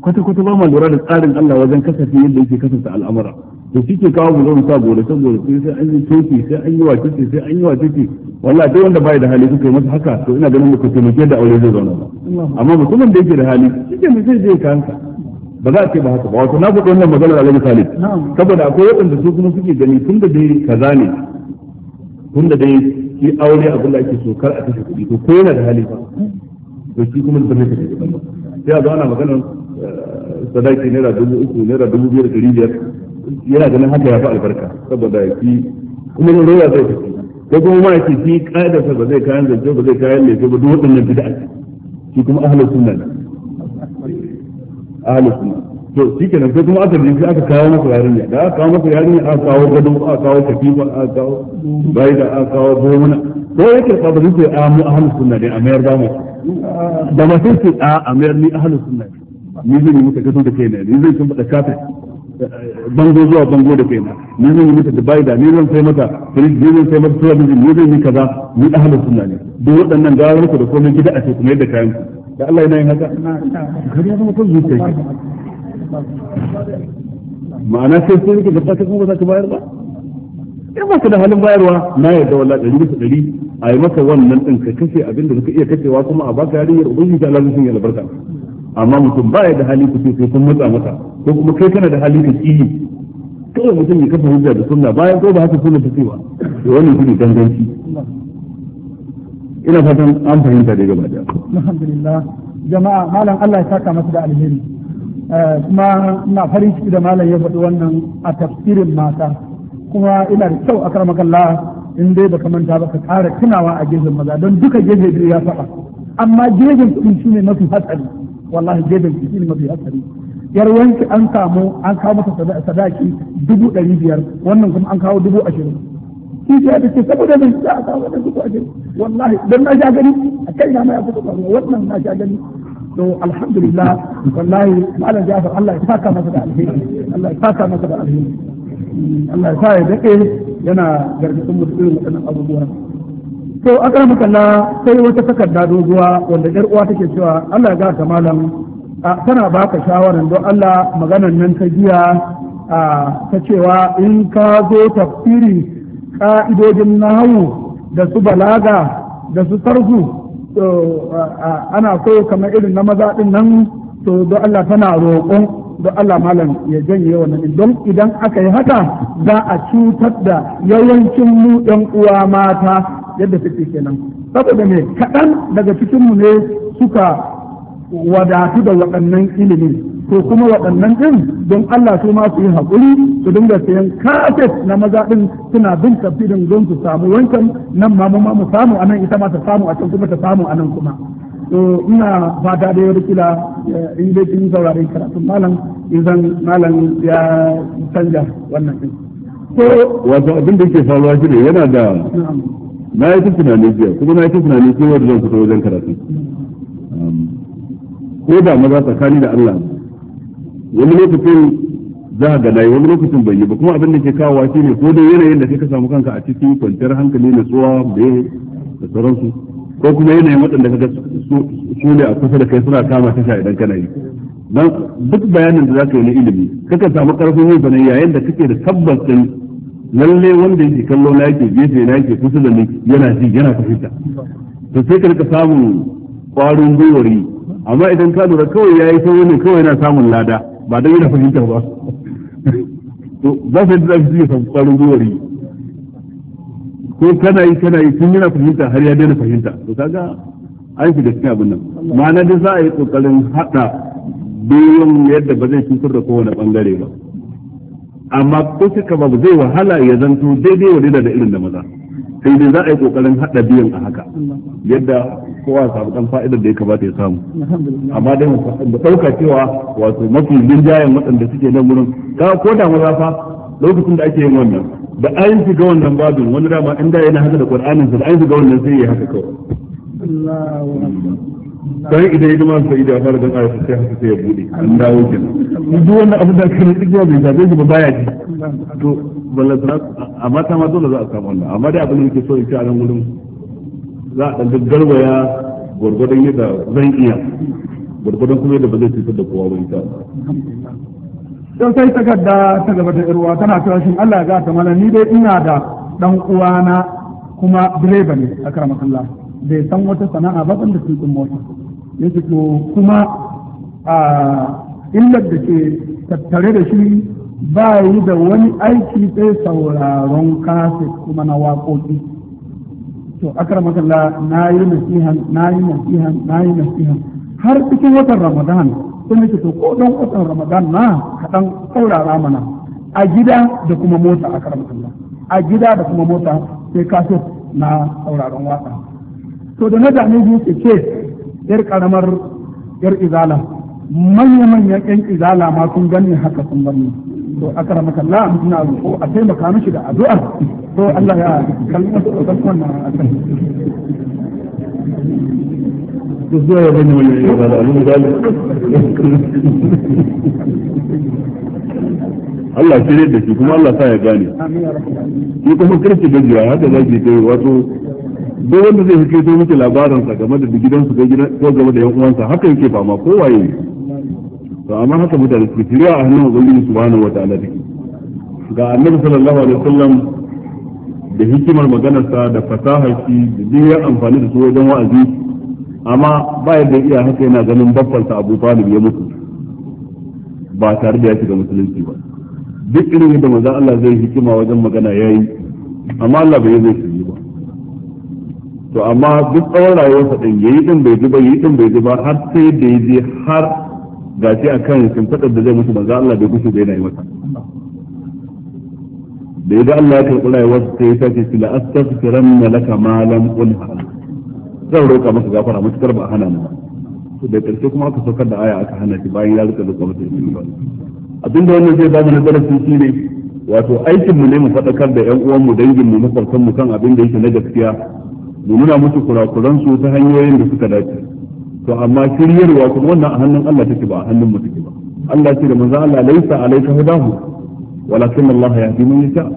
kwata kwata ba ma lura da tsarin Allah wajen kasafi yadda yake kasance al'amura to shi ke kawo mu zo mu sa gore saboda sai an yi toki sai an yi wace sai an yi wace wallahi duk wanda bai da hali kuka yi masa haka to ina ganin muku muke da aure zai zauna ba amma mutumin da yake da hali shi ke mu zai je kanka ba za a ce ba haka ba wato na faɗi wannan maganar alhaji salih saboda akwai waɗanda su kuma suke gani tun da dai kaza ne tun da dai shi aure abin da ake so kar a kashe kuɗi to ko yana da hali to shi kuma da zai kashe kuɗi sai a zo ana maganar sadaki naira dubu uku naira dubu biyar da ɗari biyar yana ganin haka ya fi albarka saboda shi kuma da roya zai kashe ko kuma ma yake shi ƙa'idarsa ba zai kayan zance ba zai kayan lefe ba duk waɗannan bid'a shi kuma ahlus sunna ne ahlus sunna to shi nan sai kuma aka je aka kawo masa yarinya da aka kawo masa yarinya aka kawo gado aka kawo ba aka kawo bai da aka kawo bomuna ko ya karɓa ba zai a mu a ahlus sunna ne a mayar ba mu da ma sai a a mayar ni a suna sunna ni zan yi muka gado da ne ni zan bada kafin eh, bango zuwa bango da ne ni zan yi da dubaida ni zan sai mata firis ni zan sai mata television ni zan yi kaza ni a ahlus sunna ne duk waɗannan gawar ku da komai gida a ce kuma yadda kayan ku da Allah yana yin haka zama kan zuciya ma'ana sai sun rike gaba ka kuma za ka bayar ba in ba ka da halin bayarwa na yarda wala ɗari bisa ɗari a yi maka wannan ɗin ka kashe abin da suka iya kashewa kuma a baka yarinyar ubangiji Allah zai yi albarka amma mutum ba ya da hali ku sai kun matsa masa ko kuma kai kana da hali ka kiyi kawai mutum ya kafa hujja da sunna bayan ko ba haka sunna ta cewa to wannan shi ne danganci ina fatan an fahimta daga gaba da alhamdulillah jama'a malam Allah ya saka masa da alheri Eh, kuma ina farin ciki da malam ya faɗi wannan a tafsirin mata kuma ina da kyau a karmakalla in dai baka manta ba ka ƙara tunawa a gefen maza don duka gefe biyu ya faɗa amma gefen kuɗi shi ne mafi hatsari wallahi gefen kuɗi ne mafi hatsari yar wanki an samu an kawo masa sadaki dubu ɗari biyar wannan kuma an kawo dubu ashirin shi ya da ce saboda mai za a kawo dubu ashirin wallahi don na sha gani a kai na ma ya fito faruwa wannan na sha gani to alhamdulillah wallahi malam Jafar Allah ya saka masa da alheri Allah ya saka masa da alheri Allah ya sa ya dake yana gargadin mu irin wannan abubuwa to akara makalla sai wata takarda doguwa wanda yar uwa take cewa Allah ya ga ta malam tana baka shawaran don Allah maganar nan ta giya ta cewa in ka zo tafsiri ka'idojin nahawu da su balaga da su sarfu to ana so kamar irin na maza din nan to don Allah tana roƙon don Allah malam ya janye wannan don idan aka yi haka za a cutar da yawancin mu ɗan uwa mata yadda suke kenan saboda me kaɗan daga cikinmu ne suka wadatu da waɗannan ilimin to kuma waɗannan ɗin don Allah su ma su yi haƙuri su dinga sayan kaset na maza ɗin suna bin tafsirin don su samu wancan nan ma mu ma mu samu a nan ita ma ta samu a can kuma ta samu a nan kuma to ina fata da ya rikila eh, in dai kin saurare karatun malam idan malam ya canja wannan ɗin. ko wato abin da yake faruwa shi ne yana da na yi ta tunani jiya kuma na yi ta tunani sai zan fito wajen karatu ko da maza tsakani da Allah wani lokacin za a ga wani lokacin bai yi ba kuma abin da ke kawo shi ne ko dai yanayin da ka samu kanka a cikin kwanciyar hankali na tsuwa da sauransu ko kuma yanayin waɗanda ga su ne a kusa da kai suna kama tasha idan kana yi dan duk bayanin da zaka yi na ilimi kaka samu karfin yin sanin yayin da kake da tabbacin lalle wanda yake kallo na yake gefe na yake kusa da ni yana ji yana fahimta to sai ka rika samun kwarin gwiwar yi amma idan ka lura kawai yayi sai ne kawai yana samun lada ba don yana fahimta ba to za su yi da shi yi kwarin gwiwar yi ko kana yi kana yi tun yana fahimta har ya daina fahimta to kaga an fi gaskiya abin nan ma'ana da za a yi kokarin haɗa biyun yadda ba zai cutar da kowane bangare ba amma ko kika ba zai wahala ya zanto daidai wa da irin da maza sai dai za a yi kokarin hada biyan a haka yadda kowa samu dan fa'idar da ya kamata ya samu amma dai mu dauka cewa wato mafi linjayen waɗanda suke nan gurin ka ko da maza fa lokacin da ake yin wannan da an shiga wannan babin wani dama in da yana haka da qur'anin sa da an shiga wannan sai ya haka kawai sai idan idan masu sai da fara dan ayatu sai haka sai ya bude an dawo kenan duk wannan abin da kan tsigiya bai zabe shi ba baya ji to ballantana a mata ma dole za a samu wannan amma dai abin da yake so in ci a nan wurin za a ɗan garwaya gwargwadon yadda zan iya gwargwadon kuma yadda ba zai cutar da kowa ba ita don sai takarda ta gaba da irwa tana cewa shin Allah ya ga ta mana ni dai ina da dan uwana kuma direba ne a karamar Allah bai san wata sana'a ba ban da tukin mota yace to kuma a illar da ke tattare da shi ba yi da wani aiki sai sauraron kaset kuma na waƙoƙi to akramakallah na yi nasihan na yi nasihan na yi nasihan har cikin watan ramadan sun nake to ko don watan ramadan na kaɗan saurara mana a gida da kuma mota a akramakallah a gida da kuma mota sai kaset na sauraron waka to da na dame biyu ce ke yar karamar yar izala manya-manyan yan izala ma sun gani haka sun gani to akara maka Allah muna ko a maka mishi da addu'a to Allah ya kalmar da kuma na akan to Allah shirye da shi kuma Allah sa ya gane shi kuma kirki gajiya haka zaki kai wato duk wanda zai kai to miki labarin sa game da gidansu ko game da yan uwansa haka yake fama kowa yake. to amma haka mutane su tiriya a hannun ubangiji subhanahu wataala take ga annabi sallallahu alaihi wasallam da hikimar maganarsa da fasahar da jiya amfani da su wajen wa'azi amma ba yadda iya haka yana ganin babbansa Abu Talib ya mutu ba tare da ya shiga musulunci ba duk irin yadda manzon Allah zai hikima wajen magana yayi amma Allah bai zai shi ba to amma duk tsawon rayuwarsa din yayi din bai ji ba yayi din bai ji ba har sai da ya je har ga shi akan shimfiɗar da zai mutu manzo Allah bai kushe da yana yi masa da ya ga Allah ya karɓi rayuwar ta yi sace shi la'astaghfiranna malaka ma lam qulha zan roƙa maka gafara mutukar ba hana ni ba da karshe kuma aka saukar da aya aka hana shi bayan ya rika roƙa masa shi ba abinda wannan zai ba mu na darasi shine wato aikin mu ne mu faɗakar da ƴan uwan mu dangin mu mafarkan mu kan abin da yake na gaskiya mu nuna musu kurakuran su ta hanyoyin da suka dace to amma shiryarwa kuma wannan a hannun Allah take ba a hannun mutum ba Allah ce da manzo Allah laisa alayka hudahu walakin Allah yahdi man yasha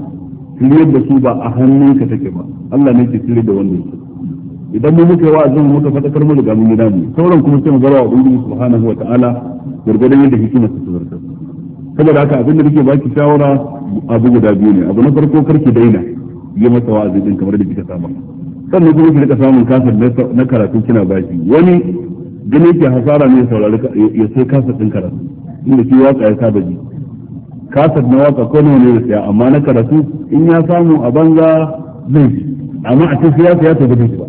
shiryar da su ba a hannunka take ba Allah ne ke shirye da wannan su idan mu muka wa'azin muka fadakar mu daga mun gida mu sauran kuma sai mu bar wa ubangiji subhanahu wa ta'ala gurgurdan yadda hikima ta tsarta saboda haka abin da nake baki shawara abu guda biyu ne abu na farko karki daina yi masa wa'azi din kamar da kika saba sannan kuma ki rika samun kasar na karatu kina baki wani gani ke hasara ne saurari ya sai kasar din karatu inda shi waka ya saba ji kasar na waka ko ne da siya amma na karatu in ya samu a banza zai ji amma a cikin siyasa ya tafi ba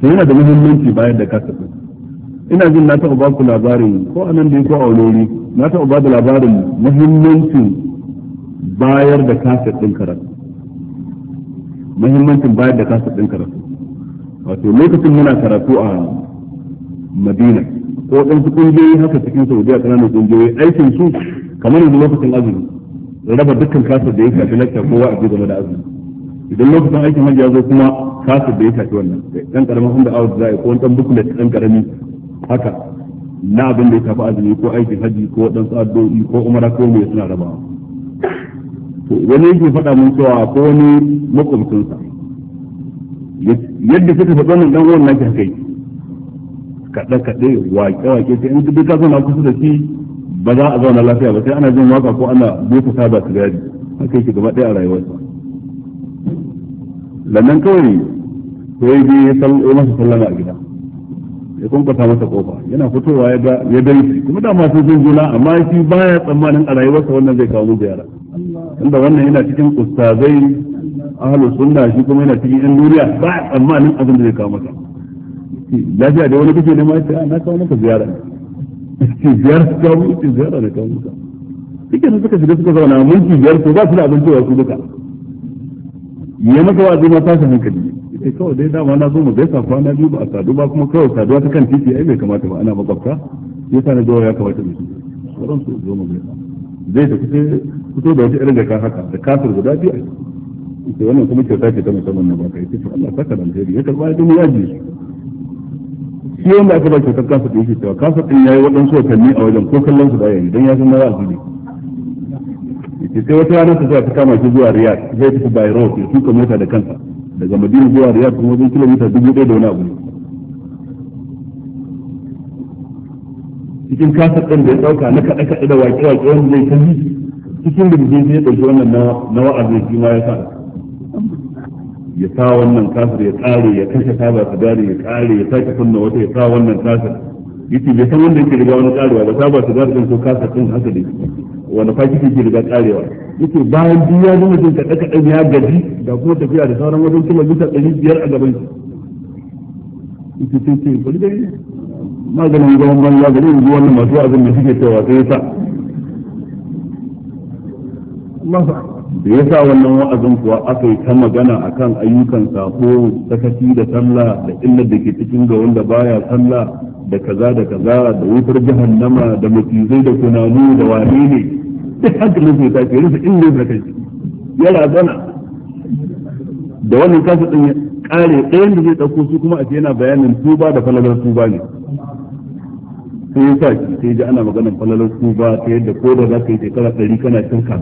to yana da muhimmanci bayan da kasar din ina jin na taɓa ba ku labarin ko a nan da ko a wani na taɓa ba da labarin muhimmancin bayar da kasar din karatu muhimmancin bayar da kasa ɗin karatu wato lokacin muna karatu a madina ko ɗan su ƙungiyoyi haka cikin saudiya ƙananan ƙungiyoyi aikin su kamar yanzu lokacin azumi raba dukkan kasa da ya shafi lakta kowa a game da azumi idan lokacin aikin hajji ya zo kuma kasa da ya shafi wannan ɗan ƙaramin hunda awa da za a yi ko wani ɗan buklet ɗan ƙarami haka na abin da ya shafi azumi ko aikin hajji ko ɗan addu'o'i ko umara ko mai suna rabawa wani yake faɗa mun cewa ko wani makwabcinsa yadda suka faɗa wannan dan uwan naki haka yi kaɗe kaɗe wake wake sai in duk ka na kusa da shi ba za a zauna lafiya ba sai ana jin waka ko ana busa saba sigari haka yake gaba ɗaya a rayuwarsa lannan kawai ko ya je ya masa sallama a gida ya kunkuta masa kofa yana fitowa ya ga ya dai kuma dama sun juna amma shi baya tsammanin a rayuwarsa wannan zai kawo mu ziyara inda wannan yana cikin ustazai ahlus sunna shi kuma yana cikin yan duniya ba a tsammanin abin da zai kawo maka lafiya da wani kake nema ya ah, na kawo maka ziyara ce ziyara ta kawo maka ziyara da kawo maka cikin su suka shiga suka zauna mulki biyar ko ba su da abin cewa su duka ya maka wa zai ma tashin hankali ita kawai dai dama na zo mu gaisa kwana biyu ba a sadu ba kuma kawai saduwa ta kan titi ai bai kamata ba ana makwabta yasa na jawo ya kamata mu su zo mu gaisa zai ta fito da wata irin da ka haka da kafir guda biyu a ita wannan kuma kyauta ce ta musamman na baka ita ce Allah saka da alheri ya karba ya ya ji shi wanda aka ba kyautar kafir din ke cewa kafir din yayi waɗansu watanni a wajen ko kallon su da yayi dan ya san na za'a ne ita sai wata rana ta ta kama shi zuwa riyad zai tafi bayro ya tuka mota da kansa daga madina zuwa riyad kuma wajen kilomita dubu ɗaya da wani abu ne cikin kasar ɗin da ya ɗauka na kaɗa kaɗa da waƙe waƙe wanda zai kalli cikin da bikin ya ɗauki wannan na wa'azi shi ma ya sa ya sa wannan kasar ya ƙare ya kashe saba su dare ya ƙare ya sake kunna wata ya sa wannan kasar yace bai san wanda yake riga wani ƙarewa ba saba ta dare ko kasar ɗin haka dai wani fashi ke riga ƙarewa yace bayan duk ya zama jin kaɗa kaɗa ya gaji da kuma tafiya da sauran wajen kilomita ɗari biyar a gaban shi maganin zaman banza gari yanzu wannan masu wa'azin da suke cewa sai yasa da yasa wannan wa'azin kuwa aka yi ta magana kan ayyukan sako sakaci da talla da illar da ke cikin ga wanda baya talla da kaza da kaza da wutar jahannama da macizai da kunanu da wane ne duk hankalin sai ta ke rufe inda da kai ya razana da wannan kasa din kare ɗayan da zai ɗauko su kuma a ce yana bayanin tuba da falalar tuba ne sai ya sa shi sai ji ana maganar falalar ba ta yadda ko da za ka yi shekara ɗari kana ka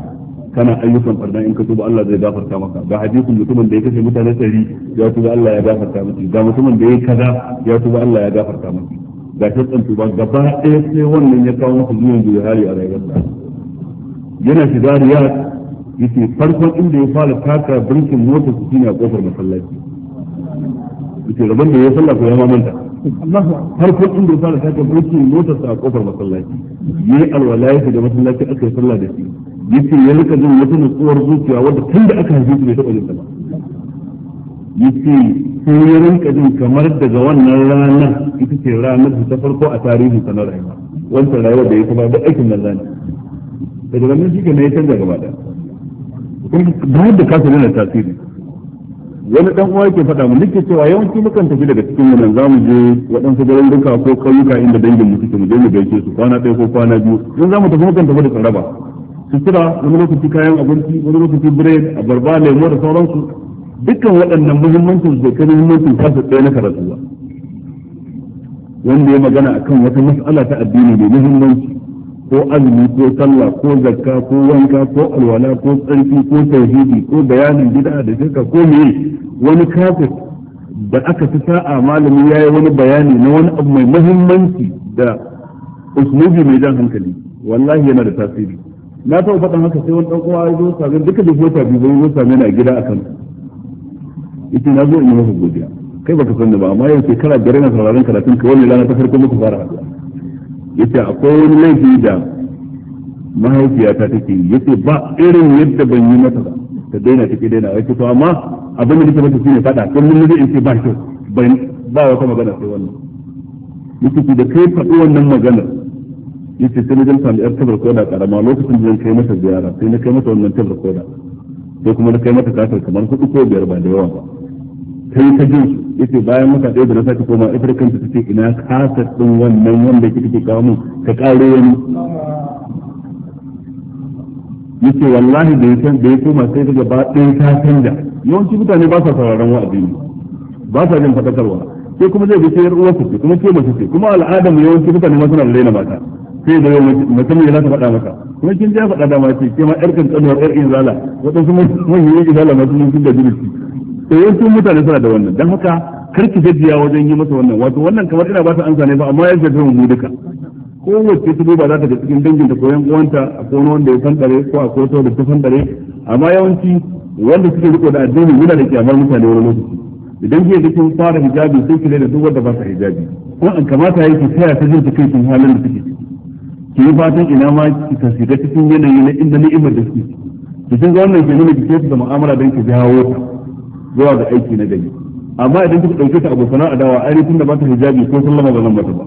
kana ayyukan barna in ka tuba Allah zai gafarta maka ga hadisin mutumin da ya kashe mutane ɗari ya tuba Allah ya gafarta maka ga mutumin da ya kaza ya tuba Allah ya gafarta maka ga shirkan tuba gaba ɗaya sai wannan ya kawo masa zuwan zuwa hali a rayuwarsa yana shiga riyad yace farkon inda ya fara taka birkin mota su shine a kofar masallaci yace rabon da ya sallah ko ya mamanta farkon inda ya ta sake barci motar sa a kofar masallaci ya yi alwala ya da masallaci aka yi sallah da shi yace ya rika jin wata nutsuwar zuciya wadda tun da aka haife shi bai taɓa jin ta ba yace sai ya rinka jin kamar daga wannan ranar ita ce ranar ta farko a tarihin sa na rayuwa wancan rayuwar da ya kuma da aikin nan zani daga nan shi na ya canza gaba da kuma ba da kasa yana tasiri wani dan uwa yake faɗa mu nake cewa yawanci mukan tafi daga cikin wannan zamu je waɗansu garin duka ko kauyuka inda dangin mu suke mu je mu gaishe su kwana ɗaya ko kwana biyu in zamu tafi mukan tafi da tsaraba sutura wani lokaci kayan abinci wani lokaci bread abarba lemo da sauransu dukkan waɗannan muhimmancin da kan muhimmancin kasa ɗaya na karatu wanda ya magana akan wata mas'ala ta addini mai muhimmanci ko azumi ko sallah ko zakka ko wanka ko alwala ko tsarki ko tauhidi ko bayanin bid'a da shirka ko meye wani kafir da aka fi sa'a malami ya yi wani bayani na wani abu mai muhimmanci da uslubi mai jan hankali wallahi yana da tasiri na taɓa faɗin haka sai wani ɗan ya zo sami duka da mota tafi bai zo na gida a kan ita na zo in yi masa godiya kai baka san da ba amma yau shekara biyar na sauraron karatun ka wani lana ta farko muka fara haɗuwa yace akwai wani laifi da mahaifiyata take yi yace ba irin yadda ban yi mata ba ta daina take daina wai to amma abin da nake mata shine fada kullum nake in ce ba shi ban ba wata magana sai wannan ki da kai faɗi wannan magana yace sai na janta yar tabar koda karama lokacin da kai mata ziyara sai na kai mata wannan tabar koda sai kuma na kai mata kafin kamar kuɗi ko biyar ba da yawa ba kai ta jin su yace bayan muka ɗaya da na sake koma ita kanta ta ce ina kasar din wannan wanda kike kike kawo mun ka ƙaro wani yace wallahi da yake da ya koma sai daga ba ɗaya ta canja yawanci mutane ba sa sauraron wa'azi ne ba sa jin fadakarwa sai kuma zai ga yar uwarsa ce kuma ke mace ce kuma al'ada mu yawanci mutane ma suna laina mata sai da mace mai za ta faɗa maka kuma kin ja faɗa dama ce ke ma yar kankanuwar yar inzala waɗansu mun yi inzala masu mun da jirgi to eh, yawancin mutane suna da wannan don haka kar ki wajen yi masa wannan wato wannan kamar ina ba su ansa ne ba amma ya zai mu duka kowace su ba za ta ga cikin dangin da ko uwanta a wani wanda ya dare ko a wata da ta dare amma yawanci wanda suke riko da addini yana da kyamar mutane wani lokaci idan ke da kin fara hijabi sai ki da duk wanda ba sa hijabi ko an kamata yayi ki tsaya ta jin ta kai kin halin da suke ki yi fatan ina ma ki shiga cikin yanayi na inda ni'imar da suke ki kin ga wannan ke nuna ki ce da mu'amala don ki jawo ta zuwa da aiki na gari amma idan kuka ɗauke ta abu sana'a dawa ai tun da ba ta hijabi ko sallama ba zan mata ba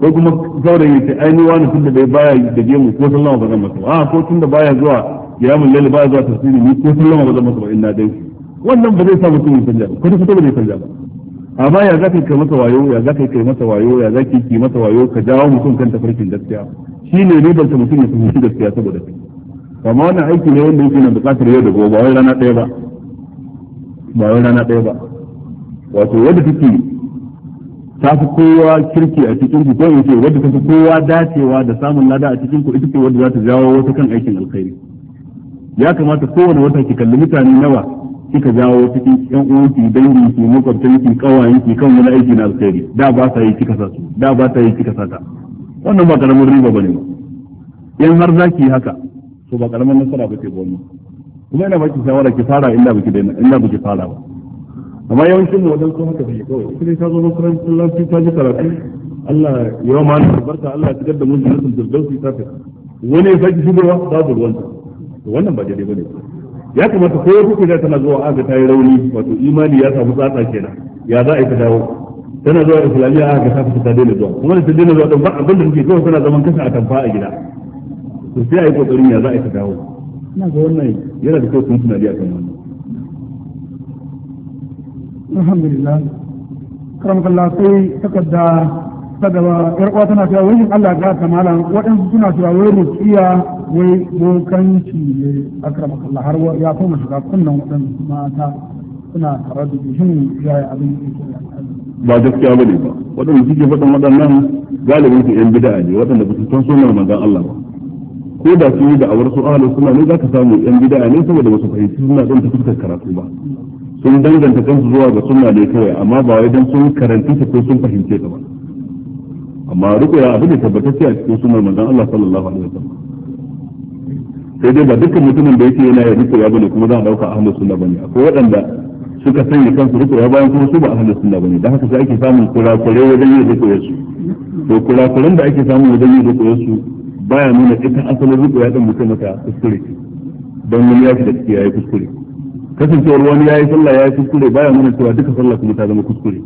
ko kuma saurayi ya ce ai ni wani tun da bai baya da gemu ko sallama ba zan mata ba a ah, ko tun da baya zuwa yamin lalle baya zuwa tasiri ni ko sallama ba zan mata ba na dai wannan ba zai sa mutum ya sanya ba kwata kwata ba zai sanya ba amma ya zaka kai masa wayo ya zaka kai masa wayo ya zaka ki masa wayo ka jawo mutum kan tafarkin gaskiya shine ribar ta mutum ya fahimci gaskiya saboda kai amma wannan aiki ne wanda yake na bukatar yau da gobe wai rana ɗaya ba ba wai rana ɗaya ba wato wadda take ta fi kowa kirki a cikin ku ko in ce wadda ta fi kowa dacewa da samun lada a cikin ku ita ce wadda za ta jawo wata kan aikin alkhairi ya kamata kowane wata ki kalli mutane nawa kika jawo cikin yan uwanki dangi ki makwabtan ki kawayen ki kan wani aiki na alkhairi da ba ta yi kika sa su da ba ta yi kika sa ta wannan ba karamin riba bane ba in har zaki haka to ba karamin nasara ba ce ba kuma yana baki shawara ki fara illa baki da illa baki fara ba amma yawancin mu wajen haka bai kawai kuma ka zo makarantar lafiya ta ji karatu Allah ya wa mana barka Allah ya tigar da mun jannatul firdausi ta fi wani ya saki shigowa babu ruwanta to wannan ba daidai bane ya kamata ko kuke da tana zuwa aka tayi rauni wato imani ya samu tsatsa kenan ya za a yi ta dawo tana zuwa islamiyya aka ka ta daina zuwa kuma da ta daina zuwa don ba abin da muke kawai tana zaman kasa a tamfa a gida to sai a yi kokarin ya za a yi ta dawo ina ga wannan yana da kyau kun tunani a kan wannan alhamdulillah karam kallah sai takarda ta gaba yar uwa tana cewa wani Allah ga ta malam waɗansu suna cewa wai rukiya wai bokanci ne akram kallah har ya koma shiga kunnan waɗansu mata suna tare da ya yi abin ba gaskiya bane ba waɗanda suke faɗin waɗannan galibin su yan bid'a ne waɗanda ba su san sunan manzon Allah ba ko da su yi da awar su ahlus suna ne za ka samu yan bid'a ne saboda wasu fahimci suna din ta fuskar karatu ba sun danganta kansu zuwa ga sunna ne kawai amma ba wai dan sun karanta ta ko sun fahimce ta ba amma rukuya abin da tabbatacce a cikin sunnar manzon Allah sallallahu alaihi wa wasallam sai dai ba dukkan mutumin da yake yana ya rukuya bane kuma za a dauka ahlus sunna bane akwai waɗanda suka sanya kansu rukuya bayan kuma su ba ahlus sunna bane da haka sai ake samun kurakurai wajen yin rukuyar su to kurakuran da ake samu wajen yin rukuyar su baya nuna ita asalin rubu ya mutum mata kuskure don wani ya fi da ciki ya yi kuskure kasancewar wani ya yi sallah ya yi kuskure baya nuna cewa duka sallah kuma ta zama kuskure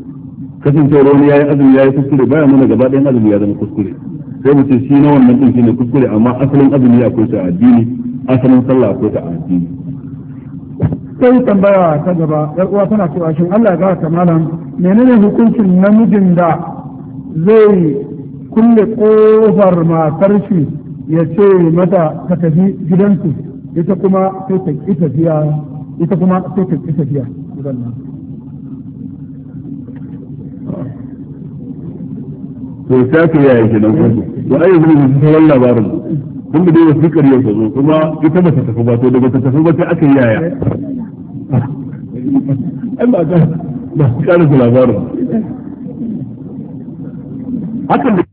kasancewar wani ya yi azumi ya yi kuskure baya nuna gaba ɗayan azumi ya zama kuskure sai mu ce shi na wannan ɗin shine kuskure amma asalin azumi akwai ta addini asalin sallah akwai ta addini. sai tambaya ta gaba yar uwa tana cewa shin Allah ya ga ta malam menene hukuncin namijin da zai kulle kofar matar shi ya ce mata ka tafi gidansu ita kuma sai ta ƙi tafiya ita kuma sai ta ƙi tafiya to ka nan kuma kun da dai zo kuma ita ba ta tafi ba to daga ta tafi ba aka yi yaya ai ba ka ba ka labarin hakan da